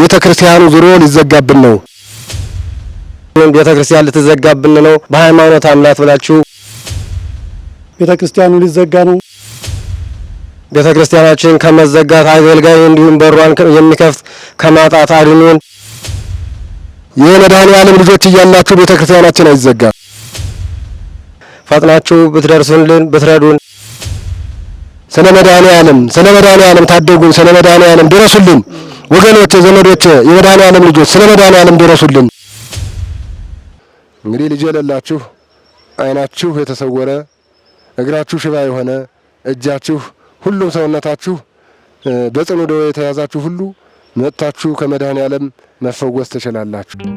ቤተ ክርስቲያኑ ዙሮ ሊዘጋብን ነው። ቤተ ክርስቲያን ልትዘጋብን ነው። በሃይማኖት አምላት ብላችሁ ቤተ ክርስቲያኑ ሊዘጋ ነው። ቤተ ክርስቲያናችን ከመዘጋት አገልጋይ እንዲሁም በሯን የሚከፍት ከማጣት አድኑን። ዓለም ልጆች እያላችሁ ቤተ ክርስቲያናችን አይዘጋ። ፈጥናችሁ ብትደርሱልን ብትረዱን። ስለ ዓለም ስለ ዓለም ታደጉን። ስለ ዓለም ድረሱልን። ወገኖች ዘመዶች የመድኃኔ ዓለም ልጆች ስለ መድኃኔ ዓለም ድረሱልን። እንግዲህ ልጅ የሌላችሁ አይናችሁ የተሰወረ እግራችሁ ሽባ የሆነ እጃችሁ ሁሉም ሰውነታችሁ በጽኑ ደዌ የተያዛችሁ ሁሉ መጥታችሁ ከመድኃኔ ዓለም መፈወስ ትችላላችሁ።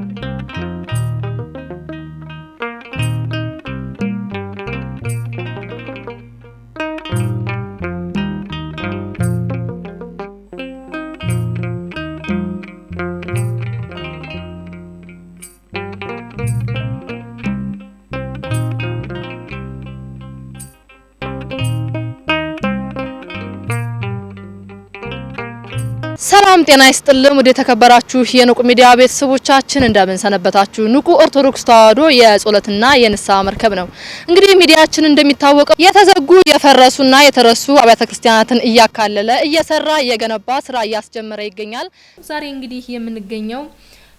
ሰላም ጤና ይስጥልም። ወደ ተከበራችሁ የንቁ ሚዲያ ቤተሰቦቻችን እንደምን ሰነበታችሁ? ንቁ ኦርቶዶክስ ተዋህዶ የጸሎትና የንስሐ መርከብ ነው። እንግዲህ ሚዲያችን እንደሚታወቀው የተዘጉ የፈረሱና የተረሱ አብያተ ክርስቲያናትን እያካለለ እየሰራ እየገነባ ስራ እያስጀመረ ይገኛል። ዛሬ እንግዲህ የምንገኘው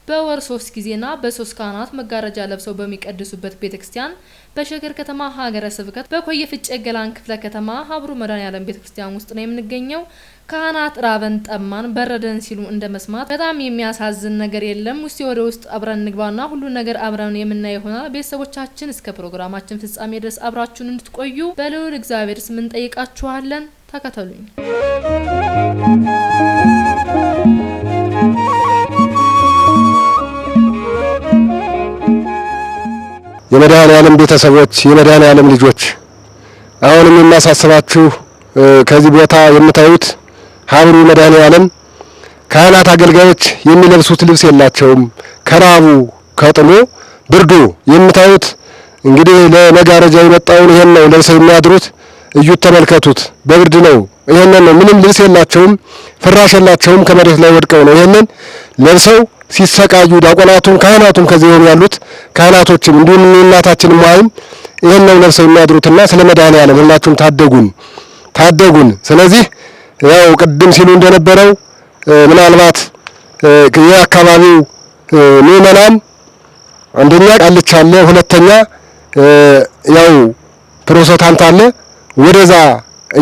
በወር ሶስት ጊዜና በሶስት ካህናት መጋረጃ ለብሰው በሚቀድሱበት ቤተክርስቲያን በሸገር ከተማ ሀገረ ስብከት በኮየ ፍጨ ገላን ክፍለ ከተማ ሀብሩ መድኃኔዓለም ቤተ ክርስቲያን ውስጥ ነው የምንገኘው። ካህናት ራበን ጠማን በረደን ሲሉ እንደ መስማት በጣም የሚያሳዝን ነገር የለም። ውስጥ ወደ ውስጥ አብረን እንግባና ሁሉን ነገር አብረን የምናየው ይሆናል። ቤተሰቦቻችን እስከ ፕሮግራማችን ፍጻሜ ድረስ አብራችሁን እንድትቆዩ በልዑል እግዚአብሔር ስም እንጠይቃችኋለን። ተከተሉኝ። የመድኃኔ ዓለም ቤተሰቦች፣ የመድኃኔ ዓለም ልጆች አሁንም የማሳስባችሁ ከዚህ ቦታ የምታዩት ሀብሩ መድኃኔ ዓለም ካህናት አገልጋዮች የሚለብሱት ልብስ የላቸውም። ከራቡ ከጥሙ ብርዱ የምታዩት እንግዲህ ለመጋረጃ የመጣውን ይሄን ነው ለብሰው የሚያድሩት። እዩት፣ ተመልከቱት። በብርድ ነው ይህንን ነው። ምንም ልብስ የላቸውም፣ ፍራሽ የላቸውም። ከመሬት ላይ ወድቀው ነው ይህንን ለብሰው ሲሰቃዩ ዲያቆናቱም ካህናቱም ከዚህ ሆኑ ያሉት ካህናቶችም እንዲሁም እናታችን ማይም ይህን ነው ለብሰው የሚያድሩትና ስለ መድኃኔዓለም ሁላችሁም ታደጉን ታደጉን። ስለዚህ ያው ቅድም ሲሉ እንደነበረው ምናልባት የአካባቢው ምዕመናን አንደኛ ቃልቻ አለ፣ ሁለተኛ ያው ፕሮቴስታንት አለ ወደዛ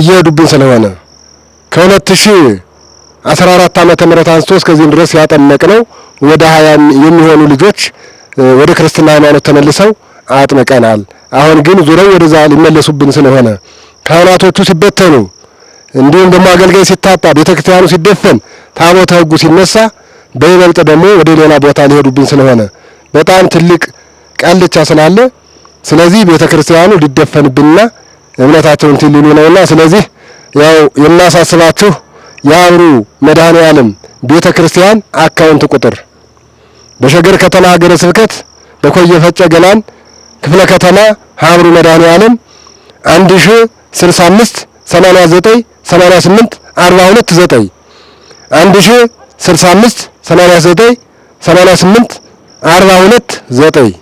እየሄዱብን ስለሆነ ከ2014 አስራ ዓመተ ምህረት አንስቶ እስከዚህም ድረስ ያጠመቅ ነው ወደ ሀያ የሚሆኑ ልጆች ወደ ክርስትና ሃይማኖት ተመልሰው አጥምቀናል። አሁን ግን ዙረው ወደዛ ሊመለሱብን ስለሆነ ካህናቶቹ ሲበተኑ፣ እንዲሁም ደግሞ አገልጋይ ሲታጣ፣ ቤተ ክርስቲያኑ ሲደፈን፣ ታቦተ ሕጉ ሲነሳ በይበልጥ ደግሞ ወደ ሌላ ቦታ ሊሄዱብን ስለሆነ በጣም ትልቅ ቀልቻ ስላለ ስለዚህ ቤተ ክርስቲያኑ ሊደፈንብንና እምነታቸውን ትልሉ ነውና፣ ስለዚህ ያው የማሳስባችሁ የአብሩ መድኃኔ ዓለም ቤተ ክርስቲያን አካውንት ቁጥር በሸገር ከተማ ሀገረ ስብከት በኮየ ፈጨ ገላን ክፍለ ከተማ ሀብሩ መድኃኔ ዓለም 1065 89 88 42 9 1065 89 88 42 9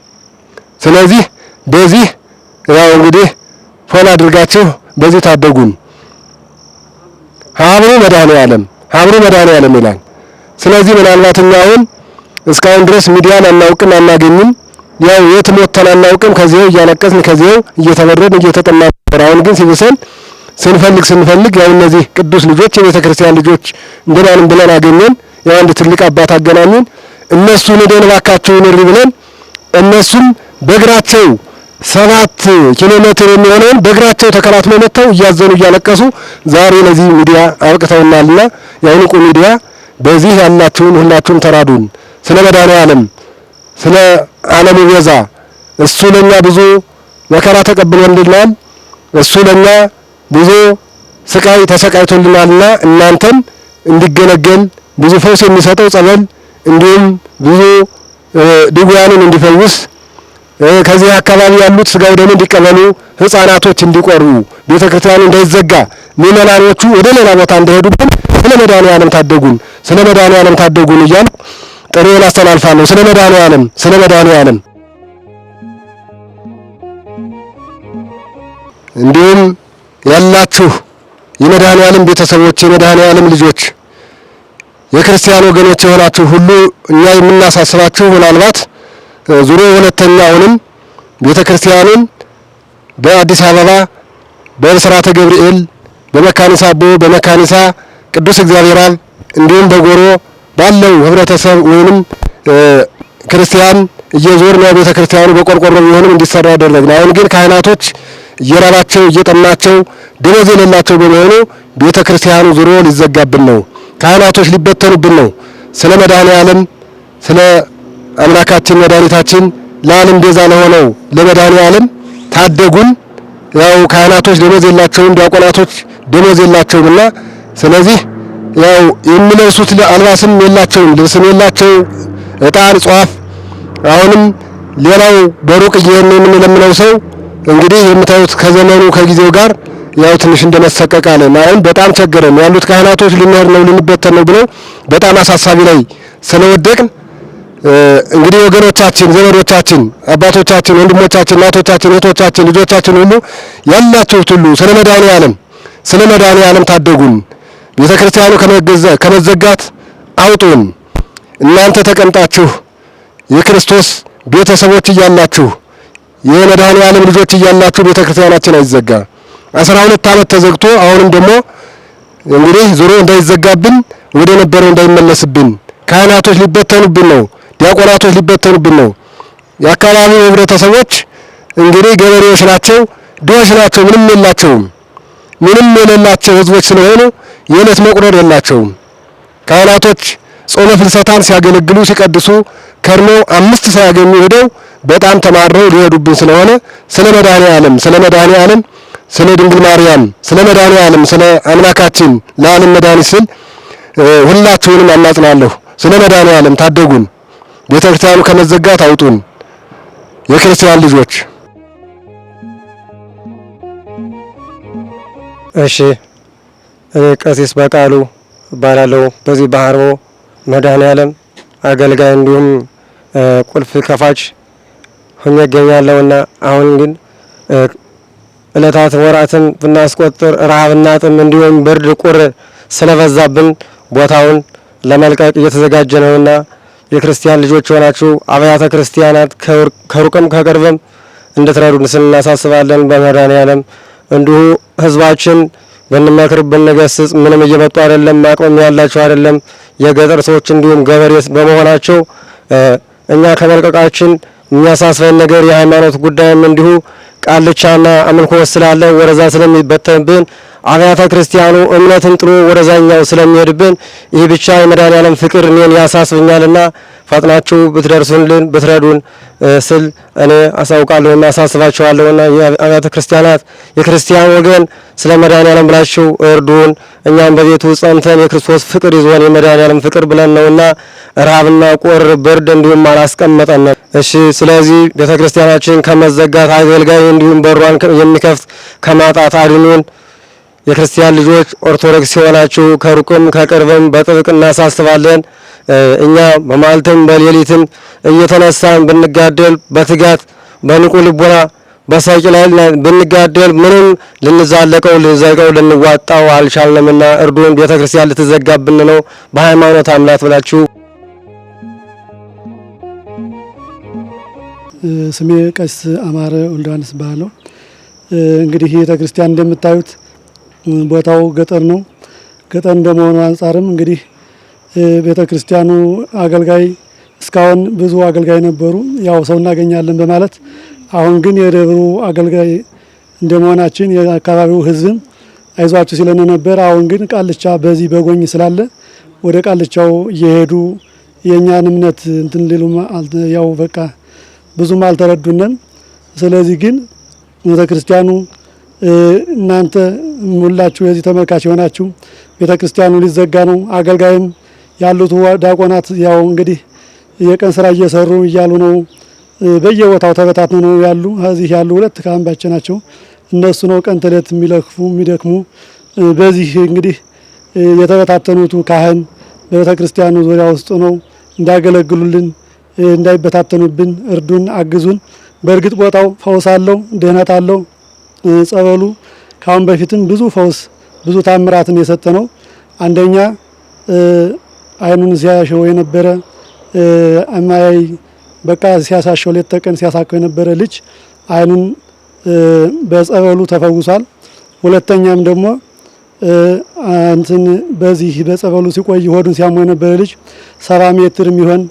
ስለዚህ በዚህ ያው እንግዲህ ፎሎ አድርጋችሁ በዚህ ታደጉን። ሀብሩ መድኃኔ ዓለም ሀብሩ መድኃኔ ዓለም ይላል። ስለዚህ ምናልባት እኛ አሁን እስካሁን ድረስ ሚዲያን አናውቅም፣ አናገኝም። ያው የት ሞተን አናውቅም። ከዚያው እያለቀስን ከዚያው እየተበረድን እየተጠማ ነበር። አሁን ግን ሲብሰን ስንፈልግ ስንፈልግ ያው እነዚህ ቅዱስ ልጆች የቤተ ክርስቲያን ልጆች እንደናንም ብለን አገኘን። ያው አንድ ትልቅ አባት አገናኙን። እነሱን ሄደን እባካቸውን እሪ ብለን እነሱም በእግራቸው ሰባት ኪሎ ሜትር የሚሆነውን በእግራቸው ተከላትሎ መጥተው እያዘኑ እያለቀሱ ዛሬ ለዚህ ሚዲያ አብቅተውናልና የአይንቁ ሚዲያ በዚህ ያላችሁን ሁላችሁም ተራዱን። ስለ መድኃኔ ዓለም ስለ ዓለሙ ቤዛ እሱ ለኛ ብዙ መከራ ተቀብሎልናል። እሱ ለኛ ብዙ ስቃይ ተሰቃይቶልናልና እናንተን እንዲገለገል ብዙ ፈውስ የሚሰጠው ጸበል እንዲሁም ብዙ ድውያንን እንዲፈውስ ከዚህ አካባቢ ያሉት ስጋው ደግሞ እንዲቀበሉ ህፃናቶች እንዲቆርቡ ቤተ ክርስቲያኑ እንዳይዘጋ ምእመናኖቹ ወደ ሌላ ቦታ እንዳይሄዱብን ስለ መድኃኔዓለም ታደጉን፣ ስለ መድኃኔዓለም ታደጉን እያልኩ ጥሬን አስተላልፋለሁ። ስለ መድኃኔዓለም፣ ስለ መድኃኔዓለም እንዲሁም ያላችሁ የመድኃኔዓለም ቤተሰቦች የመድኃኔዓለም ልጆች የክርስቲያን ወገኖች የሆናችሁ ሁሉ እኛ የምናሳስባችሁ ምናልባት ዙሮ ሁለተኛውንም ቤተ ክርስቲያኑን በአዲስ አበባ በብስራተ ገብርኤል በመካኒሳ አቦ በመካኒሳ ቅዱስ እግዚአብሔር አብ እንዲሁም በጎሮ ባለው ህብረተሰብ ወይንም ክርስቲያን እየዞር ነው ቤተ ክርስቲያኑ በቆርቆሮ ቢሆንም እንዲሰራ ያደረግነው። አሁን ግን ካህናቶች እየራባቸው እየጠማቸው ደሞዝ የሌላቸው በመሆኑ ቤተ ክርስቲያኑ ዙሮ ሊዘጋብን ነው። ካህናቶች ሊበተኑብን ነው። ስለ መድኃኔ ዓለም ስለ አምላካችን መድኃኒታችን ለዓለም ቤዛ ለሆነው ለመድኃኔ ዓለም ታደጉን። ያው ካህናቶች ደሞዝ የላቸውም፣ ዲያቆናቶች ደሞዝ የላቸውም እና ስለዚህ ያው የሚለብሱት አልባስም የላቸውም፣ ልብስም የላቸው፣ እጣን ጽዋፍ። አሁንም ሌላው በሩቅ እየሄድን የምንለምነው ሰው እንግዲህ የምታዩት ከዘመኑ ከጊዜው ጋር ያው ትንሽ እንደመሰቀቅ አለን። አሁን በጣም ቸገረን ያሉት ካህናቶች ልንሄድ ነው ልንበተን ነው ብለው በጣም አሳሳቢ ላይ ስለወደቅን እንግዲህ ወገኖቻችን፣ ዘመዶቻችን፣ አባቶቻችን፣ ወንድሞቻችን፣ እናቶቻችን፣ እህቶቻችን፣ ልጆቻችን ሁሉ ያላችሁት ሁሉ ስለ መድኃኔ ዓለም ስለ መድኃኔ ዓለም ታደጉን። ቤተ ክርስቲያኑ ከመዘጋት አውጡን። እናንተ ተቀምጣችሁ የክርስቶስ ቤተሰቦች እያላችሁ የመድኃኔ ዓለም ልጆች እያላችሁ ቤተ ክርስቲያናችን አይዘጋ። አስራ ሁለት ዓመት ተዘግቶ አሁንም ደግሞ እንግዲህ ዙሮ እንዳይዘጋብን ወደ ነበረው እንዳይመለስብን ካህናቶች ሊበተኑብን ነው። ዲያቆናቶች ሊበተኑብን ነው። የአካባቢው ህብረተሰቦች እንግዲህ ገበሬዎች ናቸው፣ ድሆች ናቸው፣ ምንም የላቸውም። ምንም የሌላቸው ህዝቦች ስለሆኑ የእለት መቁረር የላቸውም። ካህናቶች ጾመ ፍልሰታን ሲያገለግሉ ሲቀድሱ ከርሞ አምስት ሳያገኙ ሄደው በጣም ተማረው ሊሄዱብን ስለሆነ ስለ መድኃኔ ዓለም ስለ መድኃኔ ዓለም ስለ ድንግል ማርያም ስለ መድኃኔ ዓለም ስለ አምላካችን ለዓለም መድኃኒት ስል ሁላችሁንም አማጽናለሁ። ስለ መድኃኔ ዓለም ታደጉን። ቤተክርስቲያኑ ከመዘጋት አውጡን የክርስቲያን ልጆች። እሺ እኔ ቀሲስ በቃሉ እባላለሁ። በዚህ በሀርቦ መድኃኔዓለም አገልጋይ እንዲሁም ቁልፍ ከፋች ሆኜ እገኛለሁና አሁን ግን እለታት ወራትን ብናስቆጥር ረሃብና ጥም እንዲሁም ብርድ ቁር ስለበዛብን ቦታውን ለመልቀቅ እየተዘጋጀ ነውና የክርስቲያን ልጆች የሆናችሁ አብያተ ክርስቲያናት ከሩቅም ከቅርብም እንድትረዱን ስናሳስባለን። በመድኃኔዓለም እንዲሁ ህዝባችን ብንመክር ብንገስጽ ምንም እየመጡ አይደለም። አቅምም ያላቸው አይደለም። የገጠር ሰዎች እንዲሁም ገበሬ በመሆናቸው እኛ ከመልቀቃችን የሚያሳስበን ነገር የሃይማኖት ጉዳይም እንዲሁ ቃልቻና አምልኮ ስላለ ወረዛ ስለሚበተንብን አብያተ ክርስቲያኑ እምነትን ጥሎ ወደዛኛው ስለሚሄድብን ይህ ብቻ የመድኃኔዓለም ፍቅር እኔን ያሳስብኛልና ፈጥናችሁ ብትደርሱልን ብትረዱን ስል እኔ አሳውቃለሁ አሳስባቸዋለሁና የአብያተ ክርስቲያናት የክርስቲያን ወገን ስለ መድኃኔዓለም ብላችሁ እርዱን። እኛም በቤቱ ጸንተን የክርስቶስ ፍቅር ይዞን የመድኃኔዓለም ፍቅር ብለን ነውና ረሃብና ቁር ብርድ እንዲሁም አላስቀመጠን። እሺ፣ ስለዚህ ቤተ ክርስቲያናችን ከመዘጋት አገልጋይ እንዲሁም በሯን የሚከፍት ከማጣት አድኑን። የክርስቲያን ልጆች ኦርቶዶክስ የሆናችሁ ከሩቅም ከቅርብም በጥብቅ እናሳስባለን። እኛ በማልትም በሌሊትም እየተነሳን ብንጋደል በትጋት በንቁ ልቦና በሳቂ ላይ ብንጋደል ምንም ልንዛለቀው ልንዘቀው ልንዋጣው አልቻልንምና እርዱን። ቤተ ክርስቲያን ልትዘጋብን ነው። በሃይማኖት አምላት ብላችሁ። ስሜ ቀሲስ አማረ ወልደዋንስ ዮሐንስ ባህ ነው። እንግዲህ ቤተ ክርስቲያን እንደምታዩት ቦታው ገጠር ነው። ገጠር እንደመሆኑ አንጻርም እንግዲህ ቤተ ክርስቲያኑ አገልጋይ እስካሁን ብዙ አገልጋይ ነበሩ፣ ያው ሰው እናገኛለን በማለት አሁን ግን የደብሩ አገልጋይ እንደመሆናችን የአካባቢው ሕዝብም አይዟቸው ሲለን ነበር። አሁን ግን ቃልቻ በዚህ በጎኝ ስላለ ወደ ቃልቻው እየሄዱ የእኛን እምነት እንትን ሊሉ ያው በቃ ብዙም አልተረዱንም። ስለዚህ ግን ቤተ ክርስቲያኑ እናንተ ሙላችሁ የዚህ ተመልካች የሆናችሁ ቤተ ክርስቲያኑ ሊዘጋ ነው። አገልጋይም ያሉት ዲያቆናት ያው እንግዲህ የቀን ስራ እየሰሩ እያሉ ነው። በየቦታው ተበታትነው ነው ያሉ። እዚህ ያሉ ሁለት ካህንባቸ ናቸው። እነሱ ነው ቀን ተሌት የሚለክፉ የሚደክሙ። በዚህ እንግዲህ የተበታተኑቱ ካህን በቤተ ክርስቲያኑ ዙሪያ ውስጥ ነው እንዳገለግሉልን፣ እንዳይበታተኑብን እርዱን፣ አግዙን። በእርግጥ ቦታው ፈውስ አለው፣ ድህነት አለው። ጸበሉ ከአሁን በፊትም ብዙ ፈውስ ብዙ ታምራትን የሰጠ ነው። አንደኛ አይኑን ሲያሸው የነበረ አማይ በቃ ሲያሳሸው ሌት ተቀን ሲያሳከው የነበረ ልጅ አይኑን በጸበሉ ተፈውሷል። ሁለተኛም ደግሞ እንትን በዚህ በጸበሉ ሲቆይ ሆዱን ሲያመው የነበረ ልጅ ሰባ ሜትር የሚሆን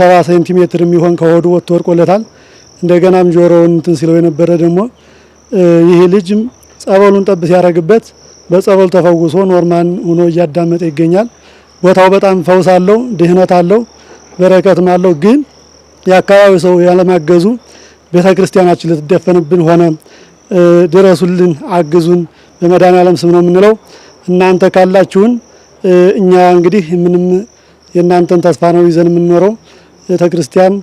ሰባ ሴንቲሜትር የሚሆን ከሆዱ ወጥቶ ወርቆለታል። እንደገናም ጆሮውን እንትን ሲለው የነበረ ደግሞ ይህ ልጅም ጸበሉን ጠብ ሲያደርግበት በጸበሉ ተፈውሶ ኖርማን ሆኖ እያዳመጠ ይገኛል። ቦታው በጣም ፈውስ አለው፣ ድህነት አለው፣ በረከትም አለው። ግን የአካባቢው ሰው ያለማገዙ ቤተ ክርስቲያናችን ልትደፈንብን ሆነ። ድረሱልን፣ አግዙን፣ ዓለም ስም ነው የምንለው። እናንተ ካላችሁን እኛ እንግዲህ ምንም የእናንተን ተስፋ ነው ይዘን የምንኖረው። ቤተ ክርስቲያን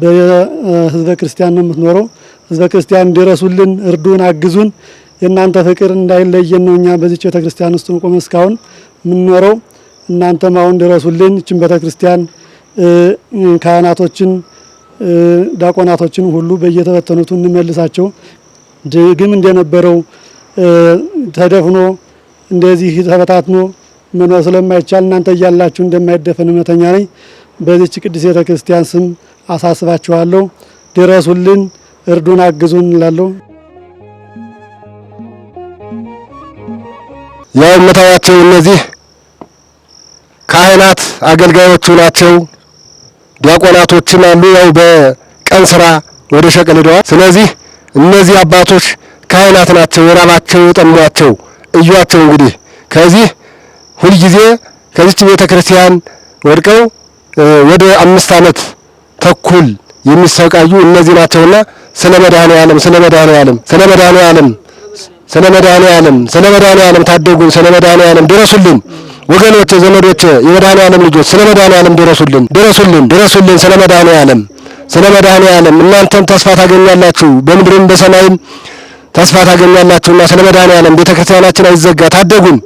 በህዝበ ክርስቲያን ነው የምትኖረው። ህዝበ ክርስቲያን ድረሱልን፣ እርዱን፣ አግዙን። የእናንተ ፍቅር እንዳይለየን ነው እኛ በዚች ቤተ ክርስቲያን ውስጥ ቆመ እስካሁን የምንኖረው። እናንተም አሁን ድረሱልን። ይችን ቤተ ክርስቲያን ካህናቶችን፣ ዲያቆናቶችን ሁሉ በየተበተኑት እንመልሳቸው። ድግም እንደነበረው ተደፍኖ እንደዚህ ተበታትኖ መኖር ስለማይቻል እናንተ እያላችሁ እንደማይደፈን እምነተኛ ነኝ። በዚች ቅዱስ ቤተ ክርስቲያን ስም አሳስባችኋለሁ። ድረሱልን። እርዱን አግዙን እንላለው። ያው የምታያቸው እነዚህ ካህናት አገልጋዮቹ ናቸው። ዲያቆናቶችም አሉ። ያው በቀን ስራ ወደ ሸቀል ሄደዋል። ስለዚህ እነዚህ አባቶች ካህናት ናቸው። የራባቸው የጠሟቸው እዩዋቸው። እንግዲህ ከዚህ ሁልጊዜ ከዚች ቤተ ክርስቲያን ወድቀው ወደ አምስት ዓመት ተኩል የሚሰቃዩ እነዚህ ናቸውና ስለ መድኃኔ ዓለም ስለ መድኃኔ ስለ መድኃኔ ዓለም ስለ መድኃኔ ዓለም ስለ ታደጉን። ስለ መድኃኔ ድረሱልን ወገኖች ዘመዶች የመድኃኔ ዓለም ልጆች ስለ መድኃኔ ድረሱልን፣ ድረሱልን፣ ድረሱልን። ስለ መድኃኔ ዓለም ስለ መድኃኔ እናንተም ተስፋ ታገኛላችሁ፣ በምድርም በሰማይም ተስፋ ታገኛላችሁና ስለ መድኃኔ ዓለም ቤተ አይዘጋ። ታደጉን፣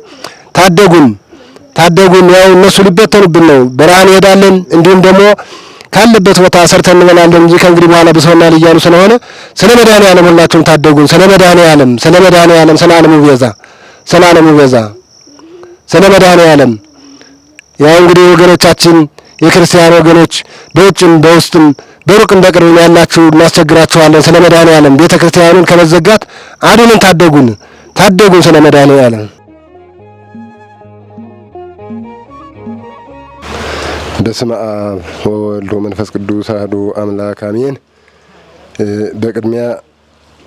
ታደጉን፣ ታደጉን። ያው እነሱ ሊበተኑብን ነው፣ በረሃን ይሄዳለን እንዲሁም ደግሞ ካለበት ቦታ ሰርተን እንበላለን እንጂ ከእንግዲህ በኋላ ብሰውና እያሉ ስለሆነ ስለ መድኃኔ ዓለም ሁላችሁም ታደጉን። ስለ መድኃኔ ዓለም ስለ መድኃኔ ዓለም ስለ ዓለሙ ቤዛ ስለ ዓለሙ ቤዛ ስለ መድኃኔ ዓለም ያው እንግዲህ ወገኖቻችን የክርስቲያን ወገኖች በውጭም በውስጥም በሩቅም በቅርብም ያላችሁ እናስቸግራችኋለን። ስለ መድኃኔ ዓለም ቤተ ክርስቲያኑን ከመዘጋት አድኑን፣ ታደጉን፣ ታደጉን ስለ መድኃኔ ዓለም በስመ አብ ወወልድ ወመንፈስ ቅዱስ አህዱ አምላክ አሜን። በቅድሚያ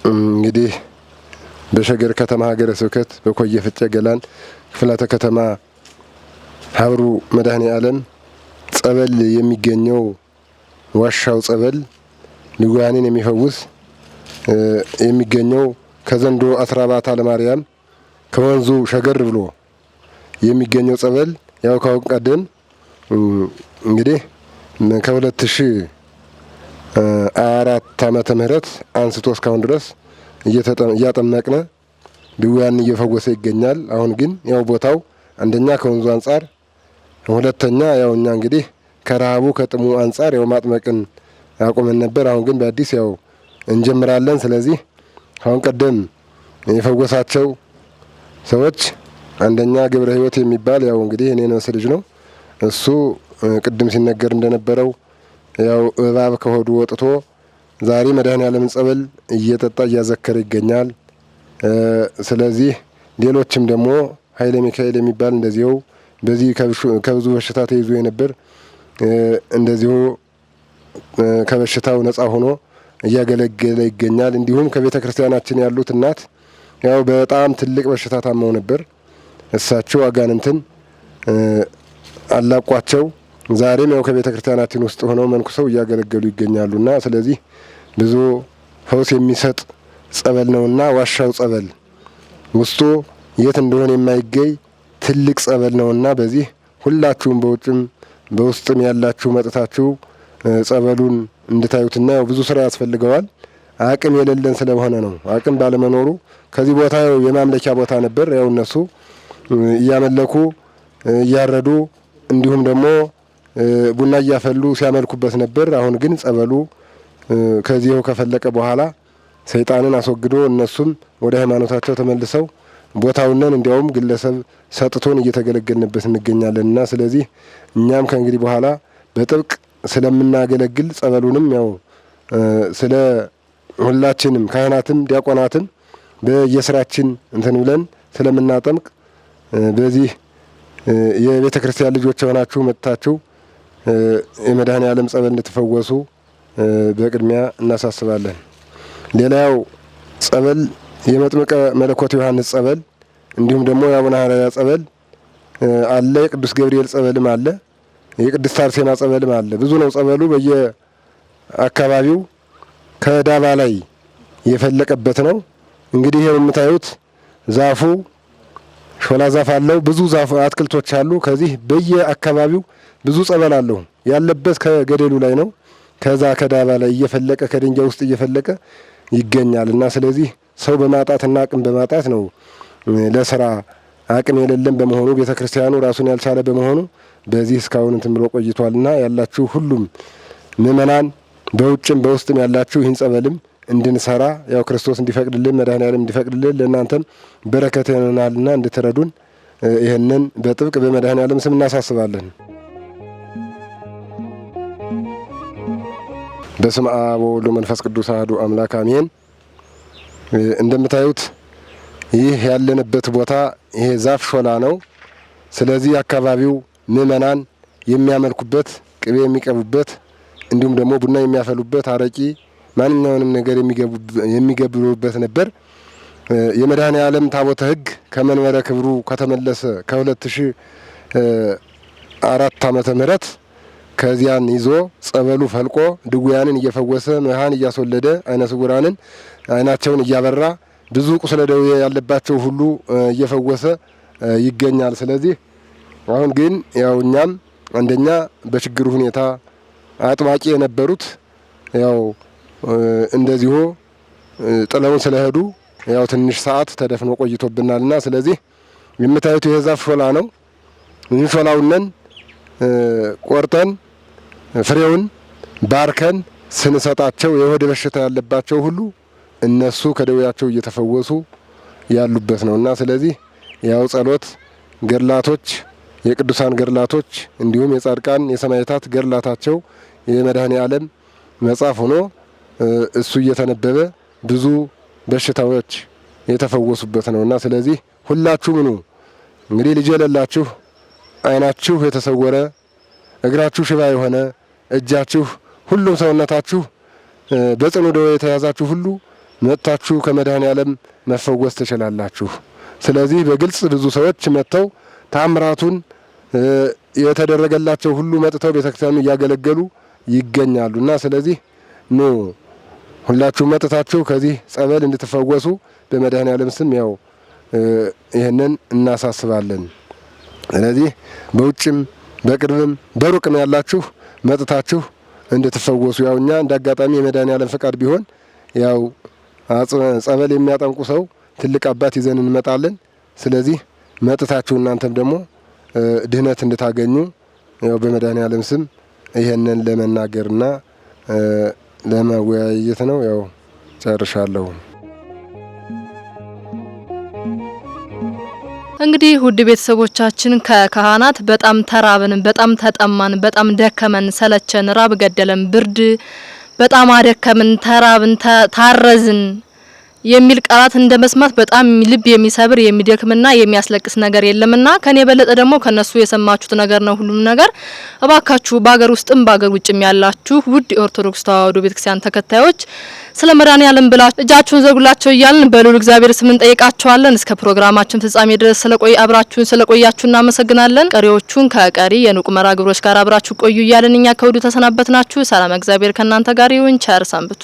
እንግዲህ በሸገር ከተማ ሀገረ ስብከት በኮየ ፍጨ ገላን ክፍላተ ከተማ ሀብሩ መድኃኔ ዓለም ጸበል የሚገኘው ዋሻው ጸበል ልጓኔን የሚፈውስ የሚገኘው ከዘንዶ አስራባታ ለማርያም ከወንዙ ሸገር ብሎ የሚገኘው ጸበል ያው ካሁን ቀደም እንግዲህ ከ ሺህ ዓመተ ምህረት አንስቶ እስካሁን ድረስ እያጠመቅነ ድውያን እየፈወሰ ይገኛል። አሁን ግን ያው ቦታው አንደኛ ከወንዙ አንጻር፣ ሁለተኛ ያው እኛ እንግዲህ ከረሃቡ ከጥሙ አንጻር ያው ማጥመቅን አቁመን ነበር። አሁን ግን በአዲስ ያው እንጀምራለን። ስለዚህ አሁን ቀደም የፈወሳቸው ሰዎች አንደኛ ግብረ ሕይወት የሚባል ያው እንግዲህ እኔ ነስ ልጅ ነው እሱ ቅድም ሲነገር እንደነበረው ያው እባብ ከሆዱ ወጥቶ ዛሬ መድኃኔዓለምን ጸበል እየጠጣ እያዘከረ ይገኛል። ስለዚህ ሌሎችም ደግሞ ኃይለ ሚካኤል የሚባል እንደዚው በዚህ ከብዙ በሽታ ተይዞ የነበር እንደዚሁ ከበሽታው ነፃ ሆኖ እያገለገለ ይገኛል። እንዲሁም ከቤተ ክርስቲያናችን ያሉት እናት ያው በጣም ትልቅ በሽታ ታመው ነበር። እሳቸው አጋንንትን አላቋቸው ዛሬም ያው ከቤተ ክርስቲያናችን ውስጥ ሆነው መንኩሰው እያገለገሉ ይገኛሉና ስለዚህ ብዙ ፈውስ የሚሰጥ ጸበል ነውና ዋሻው ጸበል ውስጡ የት እንደሆነ የማይገኝ ትልቅ ጸበል ነውና በዚህ ሁላችሁም በውጭም በውስጥም ያላችሁ መጥታችሁ ጸበሉን እንድታዩትና ያው ብዙ ስራ ያስፈልገዋል። አቅም የሌለን ስለሆነ ነው። አቅም ባለመኖሩ ከዚህ ቦታ ያው የማምለኪያ ቦታ ነበር። ያው እነሱ እያመለኩ እያረዱ እንዲሁም ደግሞ ቡና እያፈሉ ሲያመልኩበት ነበር። አሁን ግን ጸበሉ ከዚሁ ከፈለቀ በኋላ ሰይጣንን አስወግዶ እነሱም ወደ ሃይማኖታቸው ተመልሰው ቦታውነን እንዲያውም ግለሰብ ሰጥቶን እየተገለገልንበት እንገኛለን እና ስለዚህ እኛም ከእንግዲህ በኋላ በጥብቅ ስለምናገለግል ጸበሉንም ያው ስለ ሁላችንም ካህናትም ዲያቆናትም በየስራችን እንትን ብለን ስለምናጠምቅ በዚህ የቤተ ክርስቲያን ልጆች የሆናችሁ መጥታችሁ የመድኃኔ ዓለም ጸበል እንድትፈወሱ በቅድሚያ እናሳስባለን። ሌላው ጸበል የመጥምቀ መለኮት ዮሐንስ ጸበል እንዲሁም ደግሞ የአቡነ ሐራያ ጸበል አለ። የቅዱስ ገብርኤል ጸበልም አለ። የቅድስት አርሴማ ጸበልም አለ። ብዙ ነው ጸበሉ በየአካባቢው ከዳባ ላይ የፈለቀበት ነው። እንግዲህ ይህ የምታዩት ዛፉ ሾላ ዛፍ አለው። ብዙ ዛፍ አትክልቶች አሉ። ከዚህ አካባቢው ብዙ ጸበል አለው ያለበት ከገደሉ ላይ ነው። ከዛ ከዳባ ላይ እየፈለቀ ከድንጋይ ውስጥ እየፈለቀ ይገኛል እና ስለዚህ ሰው በማጣትና አቅም በማጣት ነው ለስራ አቅም የሌለን በመሆኑ ቤተ ክርስቲያኑ ራሱን ያልቻለ በመሆኑ በዚህ እስካሁን እንትን ብሎ ቆይቷልና ያላችሁ ሁሉም ምእመናን በውጭም በውስጥም ያላችሁ ይህን ጸበልም እንድንሰራ ያው ክርስቶስ እንዲፈቅድልን መድኃኔዓለም እንዲፈቅድልን ለእናንተም በረከት ይሆናልና እንድትረዱን ይህንን በጥብቅ በመድኃኔዓለም ስም እናሳስባለን። በስም አብ ወወልድ መንፈስ ቅዱስ አህዱ አምላክ አሜን። እንደምታዩት ይህ ያለንበት ቦታ ይሄ ዛፍ ሾላ ነው። ስለዚህ አካባቢው ምእመናን የሚያመልኩበት፣ ቅቤ የሚቀቡበት፣ እንዲሁም ደግሞ ቡና የሚያፈሉበት፣ አረቂ ማንኛውንም ነገር የሚገብሩበት ነበር። የመድኃኔ ዓለም ታቦተ ሕግ ከመንበረ ክብሩ ከተመለሰ ከ ሺህ ዓመተ ምህረት ከዚያን ይዞ ጸበሉ ፈልቆ ድጉያንን እየፈወሰ መሃን እያስወለደ አይነ ስውራንን አይናቸውን እያበራ ብዙ ቁስለ ደዌ ያለባቸው ሁሉ እየፈወሰ ይገኛል። ስለዚህ አሁን ግን ያው እኛም አንደኛ በችግሩ ሁኔታ አጥባቂ የነበሩት ያው እንደዚሁ ጥለውን ስለሄዱ ያው ትንሽ ሰዓት ተደፍኖ ቆይቶብናልና ስለዚህ የምታዩት የዛፍ ሾላ ነው። ይህን ሾላውነን ቆርጠን ፍሬውን ባርከን ስንሰጣቸው የሆድ በሽታ ያለባቸው ሁሉ እነሱ ከደዌያቸው እየተፈወሱ ያሉበት ነው እና ስለዚህ ያው ጸሎት፣ ገድላቶች፣ የቅዱሳን ገድላቶች እንዲሁም የጻድቃን የሰማዕታት ገድላታቸው የመድኃኔ ዓለም መጽሐፍ ሆኖ እሱ እየተነበበ ብዙ በሽታዎች የተፈወሱበት ነው እና ስለዚህ ሁላችሁም ኑ እንግዲህ ልጅ የሌላችሁ አይናችሁ የተሰወረ እግራችሁ ሽባ የሆነ እጃችሁ፣ ሁሉም ሰውነታችሁ በጽኑ ደዌ የተያዛችሁ ሁሉ መጥታችሁ ዓለም መፈወስ ትችላላችሁ። ስለዚህ በግልጽ ብዙ ሰዎች መጥተው ታምራቱን የተደረገላቸው ሁሉ መጥተው ቤተክርስቲያኑ እያገለገሉ ይገኛሉ እና ስለዚህ ኑ ሁላችሁ መጥታችሁ ከዚህ ጸበል እንድትፈወሱ ዓለም ስም ያው ይህንን እናሳስባለን። ስለዚህ በውጭም በቅርብም በሩቅም ያላችሁ መጥታችሁ እንድትፈወሱ ያው እኛ እንደ አጋጣሚ የመድኃኔዓለም ፈቃድ ቢሆን ያው ጸበል የሚያጠምቁ ሰው ትልቅ አባት ይዘን እንመጣለን። ስለዚህ መጥታችሁ እናንተም ደግሞ ድህነት እንድታገኙ ያው በመድኃኔዓለም ስም ይሄንን ለመናገርና ለመወያየት ነው። ያው ጨርሻለሁ። እንግዲህ ውድ ቤተሰቦቻችን ከካህናት በጣም ተራብን፣ በጣም ተጠማን፣ በጣም ደከመን፣ ሰለቸን፣ ራብ ገደለን፣ ብርድ በጣም አደከምን፣ ተራብን፣ ታረዝን የሚል ቃላት እንደ መስማት በጣም ልብ የሚሰብር የሚደክምና የሚያስለቅስ ነገር የለምና ከኔ የበለጠ ደግሞ ከነሱ የሰማችሁት ነገር ነው ሁሉም ነገር። እባካችሁ በሀገር ውስጥም በሀገር ውጭም ያላችሁ ውድ የኦርቶዶክስ ተዋህዶ ቤተክርስቲያን ተከታዮች ስለ መድኃኔዓለም ብላችሁ እጃችሁን ዘርጉላቸው እያልን በልዑል እግዚአብሔር ስም እንጠይቃቸዋለን እስከ ፕሮግራማችን ፍጻሜ ድረስ ስለቆይ አብራችሁን ስለቆያችሁ እናመሰግናለን። ቀሪዎቹን ከቀሪ የንቁ መራ ግብሮች ጋር አብራችሁ ቆዩ እያልን እኛ ከውዱ ተሰናበት ናችሁ። ሰላም እግዚአብሔር ከእናንተ ጋር ይሁን። ቸር ሰንብቱ።